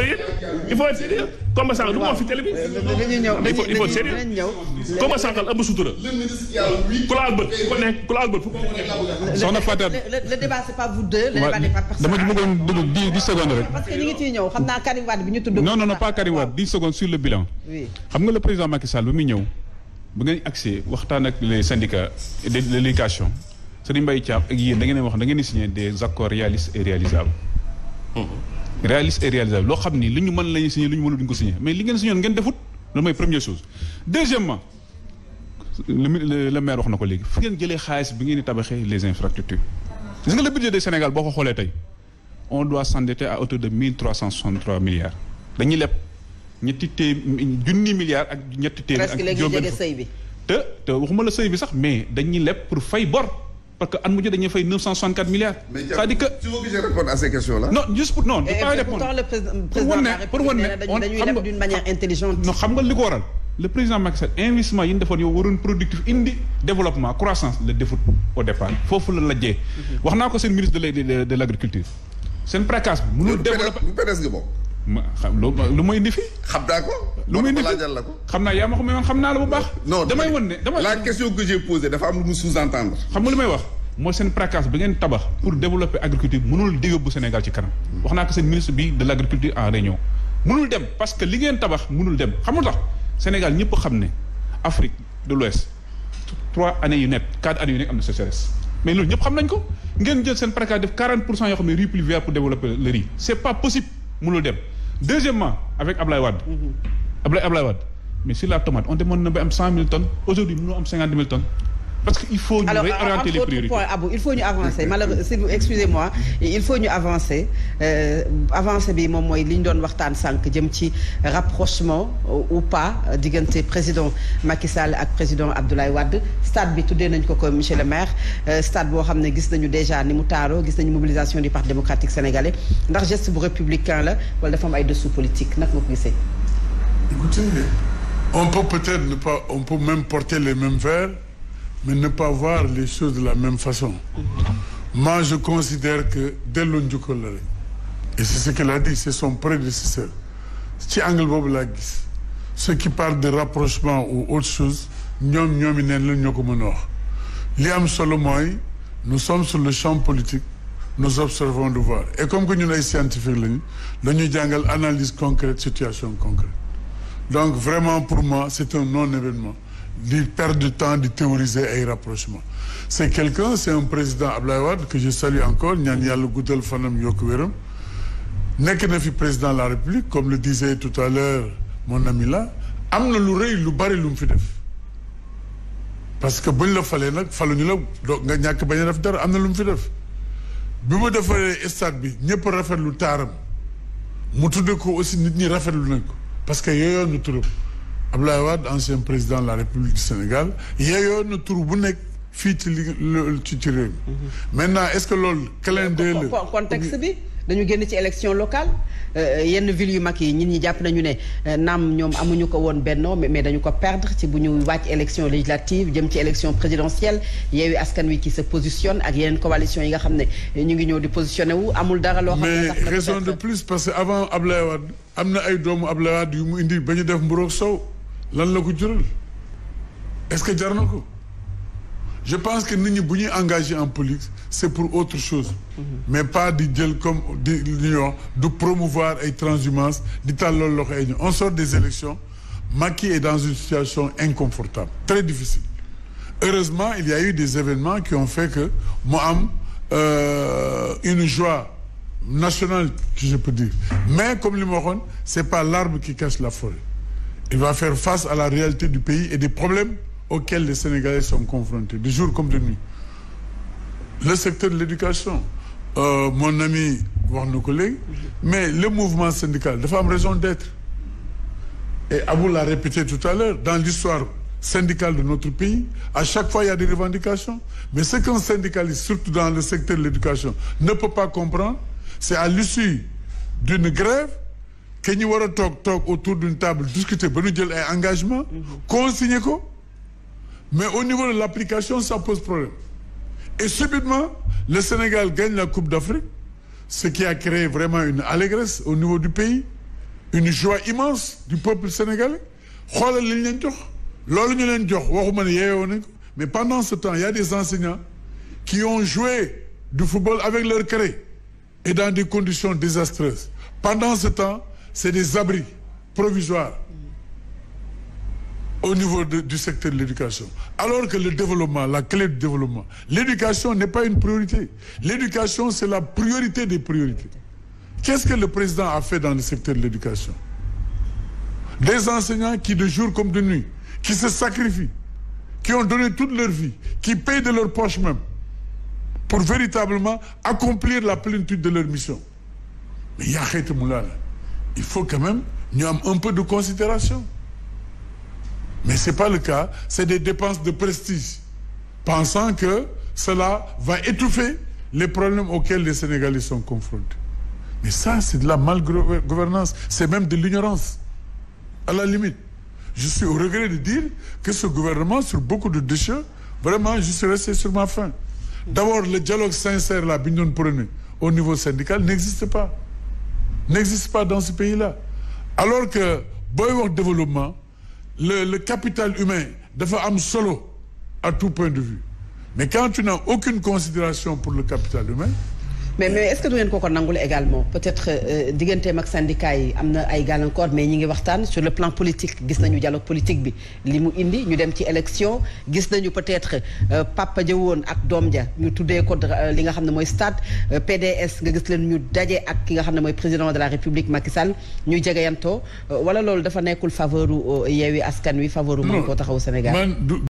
faut être il faut être sérieux Coumba Sàngal du moo fi télé bi. dañuy ñëw dañuy il faut être sérieux Coumba Sàngal ëmb sutura. ku laal dama ci bëggoon dugg dix dix secondes rek. parce que ñëw xam naa Karim Wade bi ñu tudd. non non non pas Karim Wade dix secondes sur le bilan. oui xam nga le président Macky Sall bi muy ñëw. ba ngeen accès waxtaan ak les syndicats de l'éducation Serigne mbay Thiam ak yéen da ngeen wax na ngeen di de des accords réalistes et réalisables. Mm-hmm. réaliste et réalisable loo xam ni li ñu mën lañuy signé li ñu mënul duñ ko signé mais li ngeen signé ngeen defut lu mooy première chose deuxièmement le maire wax na ko léegi fu ngeen jëlee xaalis bi ngeen di tabaxee les infrastructures gis nga le budget du Sénégal boo ko xoolee tey on doit s'endetter à hauteur de mille trois cent soixante-trois milliards dañuy leb ñetti téem junni milliards ak ñetti téem ak juróom benn te te waxuma la sëy bi sax mais dañuy leb pour fay bor parce que at mu jot dañuy milliards. c'est-à-dire juste pour non. dafa eh, répondre pourtant le xam nga li le président Macky Sall yi ñu defoon yow waroon productif indi développement croissance la defut au foofu la lajjee. Mhm. wax naa ko seen ministre de l' seen précasse bi mënul développé lu ma indi fii. xam naa ko. lu ma xam naa yaa ma ko mayoon xam naa la bu baax. damay won ne la question que j'ai posée dafa am lu mu sous-entendre. xam mooy seen pracas bi ngeen tabax pour développer agriculture mënul di yóbbu Sénégal ci kanam. wax naa ko seen ministre bi de l' agriculture en réunion. mënul dem parce que li ngeen tabax mënul dem xam nga tax Sénégal ñëpp xam ne Afrique de l' Ouest trois années yu nekk quatre années yu nekk am na sécheresse mais loolu ñëpp xam nañ ko ngeen jël seen pracas def 40 pour cent yoo xam ne riz pluvial pour développer le riz c' est pas possible mënul dem deuxièmement avec Ablaye Wade. Mhm. Ablaye parce que il faut ñu réorienter les priorités point Abou il faut ñu avancer faut ñu avancer euh, avancer bi moom mooy li ñu doon waxtaan sànq jëm ci rapprochement ou pas diggante président Macky Sall ak président Abdoulaye Wade stade bi tuddee nañ ko ko monsieur le maire euh, stade boo xam ne gis nañu déjà ni mu taaroo gis nañu mobilisation du parti démocratique sénégalais ndax geste bu républicain la wala dafa am ay dessous politique nag nga ko gisee. écoutez on peut peut-être ne pas mais ne pas voir les choses de la même façon. Moi, je considère que dellu njukkal la rek. et c'est ce qu'il a dit c'est son prédécesseur ci angle boobu laa gis qui parlent de rapprochement ou autre chose ñoom ñoomi neen la ñoo ko mën a wax li am solo mooy nous sommes sur le champ politique nous observons de voir et comme que ñun ay scientifique lañu dañuy jàngal analyse concrète situation concrète donc vraiment pour moi c'est un non-événement di perdre du temps di théoriser ay rapprochement c'est quelqu'un c'est un président Abdoulaye Wade que je salue encore ñaan yàlla guddal fanam yokk wéram nekk na fi président la République comme le disait tout à l'heure mon ami la am na lu rëy lu bari lu mu fi def parce que buñ la falee nag ñu la doo nga ñàkk bañ a def dara am na lu mu fi def bi mu defaree stade bi ñëpp lu taaram mu tudde ko aussi nit ñi rafetlu nañ ko parce que yooyoon na turam Abdoulaye Wade ancien président de la République du Sénégal yeeyoo na tur bu nekk fii ci li ci ci réew mi mhm. maintenant est-ce que loolu calendrier la contexte bi dañu génn ci élection locale euh, yenn ville yu mag yi ñit ñi jàpp nañu ne euh, naam ñoom amuñu ko woon bennoo mais dañu ko perdre ci bu ñu wàcc élection législative jëm ci élection présidentielle yeewi askan wi qui se positionne ak yeneen coalition yi nga xam ne ñu ngi ñëw di positionné wu amul dara loo xam ne mais raison de plus parce que avant Ablaye Wade am na ay doomu Ablaye Wade yu mu indi ba ñu def mburoog sow lan la ko jural est-ce que jar na ko je pense que nit ñi bu ñuy engagé en politique c'est pour autre chose mhm. mais pas di jël comme di l'union de promouvoir ay transhumance di tàllal loxo ay ñu on sort des élections Macky est dans une situation inconfortable très difficile heureusement il y a eu des événements qui ont fait que mu am euh, une joie nationale je peux dire mais comme li ma waxoon c'est pas l'arbre qui cache la forêt il va faire face à la réalité du pays et des problèmes auxquels les Sénégalais sont confrontés de jour comme de nuit le secteur de l'éducation euh, mon ami wax na ko léegi mais le mouvement syndical dafa am raison d'être et Abou l'a répété tout à l'heure dans l'histoire syndicale de notre pays à chaque fois il y a des revendications mais ce qu'un syndicaliste surtout dans le secteur de l'éducation ne peut pas comprendre c'est à l'issue d'une grève que ñu war a toog toog autour d'une table discuter ba ñu jël ay engagement mhm. consigner ko mais au niveau de l'application ça pose problème et subitement le Sénégal gagne la Coupe d'Afrique ce qui a créé vraiment une allégresse au niveau du pays une joie immense du peuple sénégalais xoolal li ñu leen jox loolu ñu leen jox waxuma ne yeeyoo nañ ko mais pendant ce temps il y a des enseignants qui ont joué du football avec leur craie et dans des conditions désastreuses pendant ce temps c'est des abris provisoires au niveau de, du secteur de l'éducation. Alors que le développement, la clé du développement, l'éducation n'est pas une priorité. L'éducation, c'est la priorité des priorités. Qu'est-ce que le président a fait dans le secteur de l'éducation? Des enseignants qui, de jour comme de nuit, qui se sacrifient, qui ont donné toute leur vie, qui payent de leur poche même, pour véritablement accomplir la plénitude de leur mission. Mais yaa xeeti il faut quand même ñu am un peu de considération mais c'est pas le cas c'est des dépenses de prestige pensant que cela va étouffer les problèmes auxquels les Sénégalais sont confrontés mais ça c'est de la malgouvernance c'est même de l'ignorance à la limite je suis au regret de dire que ce gouvernement sur beaucoup de déchets vraiment je suis resté sur ma faim d'abord le dialogue sincère là bi ñu doon prôné au niveau syndical n'existe pas n'existe pas dans ce pays-là alors que booy wax développement le le capital humain dafa am solo à tout point de vue mais quand tu n'as aucune considération pour le capital humain mais mais est-ce que du ngeen ko ko nangul également peut-être euh, digganteem ak syndicat yi am na ay gàllankoor mais ñi ngi waxtaan su le plan politique gis nañu dialogue politique bi li mu indi ñu dem ci élection gis nañu peut-être euh, papa ja woon ak doom ja ñu tuddee ko euh, li nga xam ne mooy stade PDS nga gis leen ñu daje ak ki nga xam ne mooy président de la République Macky Sall ñu jegeyantoo wala loolu dafa nekkul faveur u yeewi askan wi faveur u taxaw Sénégal